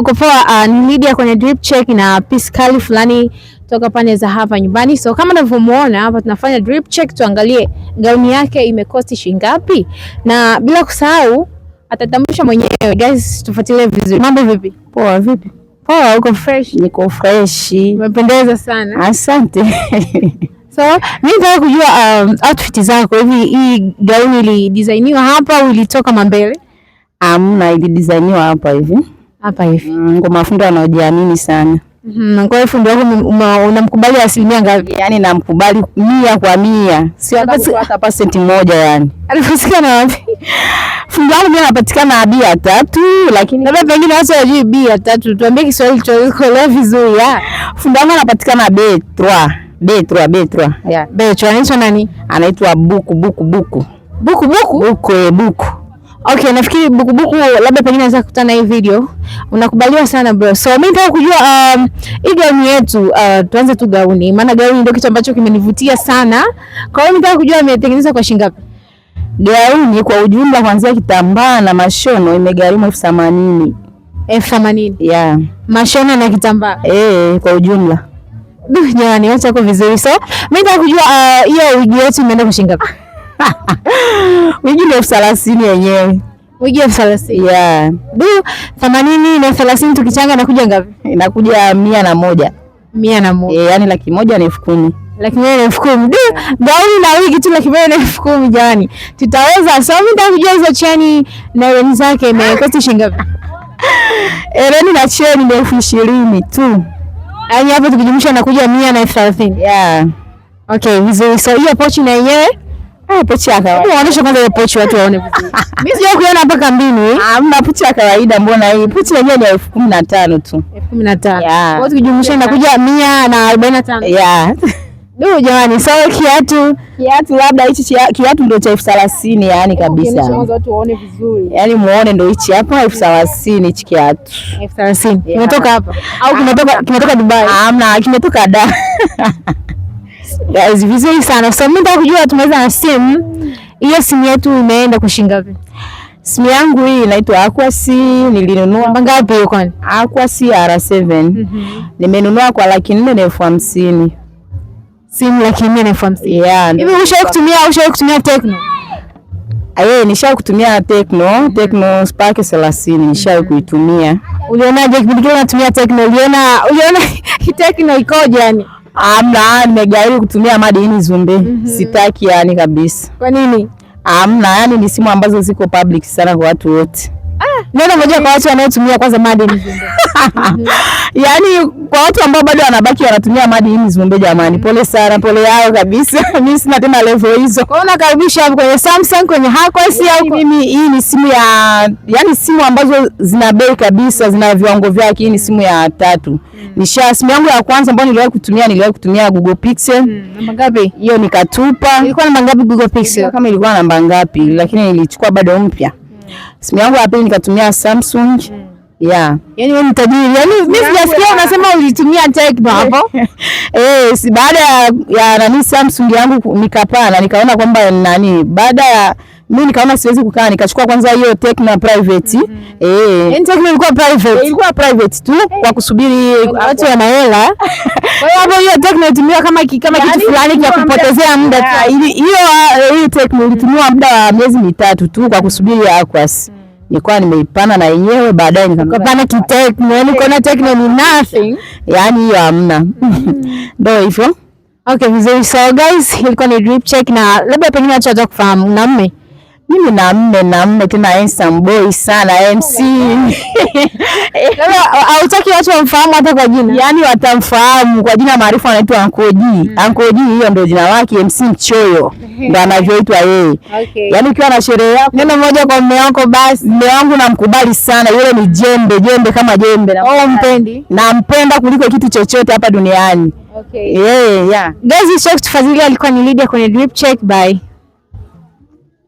uko poa. Uh, ni Lydia kwenye drip check na piece kali fulani toka pande za hapa nyumbani. So kama unavyomuona hapa tunafanya drip check, tuangalie gauni yake imekosti shingapi, na bila kusahau atatambusha mwenyewe. Guys, tufuatilie vizuri. Mambo vipi? Poa. Vipi? Poa. Uko fresh? Niko fresh. Umependeza sana, asante. So mimi nataka kujua um, outfit zako hivi, hii gauni ilidesainiwa hapa au ilitoka mambele? Amna, um, ilidesainiwa hapa hivi hapa hivi mm, ngoma fundi anaojiamini sana. Mm-hmm. Kwa hiyo fundi wako unamkubali asilimia ngapi? Yaani namkubali mia kwa mia, sio hata hata pasenti moja. Yani alipatikana wapi fundi wangu? Mimi anapatikana bia tatu, lakini labda pengine watu wajui bia tatu. Tuambie Kiswahili tuelewe vizuri. Fundi wangu anapatikana b betra betra betra, anaitwa nani? Anaitwa buku buku buku buku buku buku e, buku Okay, nafikiri bukubuku labda pengine anaweza kukutana hii video. Unakubaliwa sana bro. So mimi nataka kujua um, hii gauni yetu uh, tuanze tu gauni. Maana gauni ndio kitu ambacho kimenivutia sana. Kwa hiyo nataka kujua imetengenezwa kwa shilingi ngapi? Gauni kwa ujumla kuanzia kitambaa na mashono imegharimu elfu themanini. Elfu themanini. Yeah. Mashono na kitambaa. Eh, kwa ujumla. Duh, jamani, acha kwa vizuri. So mimi nataka kujua uh, hiyo uh, wigi yetu imeenda kwa shilingi ngapi? wigi ni elfu thelathini yenyewe wigi elfu thelathini yeah. Du, themanini na elfu thelathini tukichanga inakuja ngapi? Inakuja mia na moja mia na moja e, yani laki moja na elfu kumi laki moja na elfu kumi Du, gauni na wigi tu laki moja na elfu kumi Jamani, tutaweza? So mimi kujua hizo cheni na hereni zake imekosti shilingi ngapi? ereni eh, na cheni ni elfu ishirini tu, yaani hapo tukijumlisha nakuja mia na elfu thelathini yeah. Okay, vizuri. So hiyo pochi na yenyewe Eh, pocha kawaida. Hebu onyesha kwanza ile pochi watu waone Mimi sijao kuiona mpaka mbili. Ah, mna pocha kawaida mbona hii? Pochi yenyewe ni elfu kumi na tano tu. elfu kumi na tano. Kwa hiyo tukijumlisha inakuja mia na arobaini na tano. Yeah. Duh, jamani, sawa kiatu. Kiatu labda hichi kiatu ndio cha elfu thelathini yani kabisa. Watu Yaani muone ndio hichi hapa elfu thelathini hichi kiatu. elfu thelathini. Kimetoka hapa au ah, kimetoka kimetoka Dubai? Hamna, kimetoka da. vizuri sana kwa sababu nataka kujua tumeweza na simu hiyo. Simu yetu imeenda kushinga vipi? Simu yangu hii inaitwa Aqua C, nilinunua namba ngapi hiyo kwani? C R7. Mm -hmm. Nimenunua kwa laki nne na elfu hamsini. Simu laki nne na elfu hamsini. Yeah. Hivi ushawahi kutumia ushawahi kutumia Tecno? Aye, nishawahi kutumia Tecno, Tecno Spark 30 nishawahi kuitumia. Ulionaje kipindi kile unatumia Tecno? Uliona uliona Tecno ikoje yani? Amna, nimegairi kutumia madini Zumbe. mm -hmm. Sitaki yani kabisa. Kwa nini? Amna, yani ni simu ambazo ziko public sana kwa watu wote Neno moja kwa watu wanaotumia kwanza madi ni yaani, kwa watu ambao bado wanabaki wanatumia madi ni Mzumbe, jamani, mm. pole sana, pole yao kabisa. Mimi sina tena level hizo. Kwa hiyo nakaribisha kwenye Samsung, kwenye Hakos au mimi. Hii ni simu ya yaani, simu ambazo zina bei kabisa, zina viwango vyake. Hii ni mm. simu ya tatu mm. nisha simu yangu ya kwanza ambayo niliwahi kutumia, niliwahi kutumia Google Pixel. Namba ngapi hiyo? Nikatupa. Ilikuwa namba ngapi Google Pixel? Kama ilikuwa namba ngapi, lakini nilichukua bado mpya simu yangu ya pili nikatumia Samsung mm. Yeah. Yaani wewe mtajiri. Yaani mimi sijasikia unasema ulitumia Tecno hapo. Eh, si baada ya, ya nani Samsung yangu nikapana nikaona kwamba nani baada ya mimi nikaona siwezi kukaa, nikachukua kwanza hiyo Tecno private mhm. eh, yani Tecno ilikuwa private, eh, ilikuwa private tu kwa kusubiri eh. watu wana hela. Kwa hiyo hapo hiyo Tecno ilitumiwa kama kama kitu yaani fulani cha kupotezea muda tu. Hiyo eh, hiyo Tecno mm. ilitumiwa muda wa miezi mitatu tu kwa kusubiri Aquas mm. Nilikuwa nimeipana na yenyewe baadaye nikakapana kitekno, yani kuna tekno ni nothing, mm. yani hiyo hamna, ndio hivyo. Okay, vizuri. So guys, ilikuwa ni drip check na labda pengine acha kufahamu na mme mimi na mme na mme tena handsome boy sana MC. Hautaki watu wamfahamu hata kwa jina? Yaani watamfahamu kwa jina maarufu anaitwa Ankoji. Mm. Ankoji hiyo ndio jina lake, MC Mchoyo ndio anavyoitwa yeye. Okay. Yaani ukiwa na sherehe yako neno moja kwa mume wako basi, Mume wangu namkubali sana, yule ni jembe jembe kama jembe. Na oh, mpendi. Nampenda kuliko kitu chochote hapa duniani. Okay. Yeah, yeah. Guys, check tufadhili alikuwa ni Lydia kwenye drip check bye.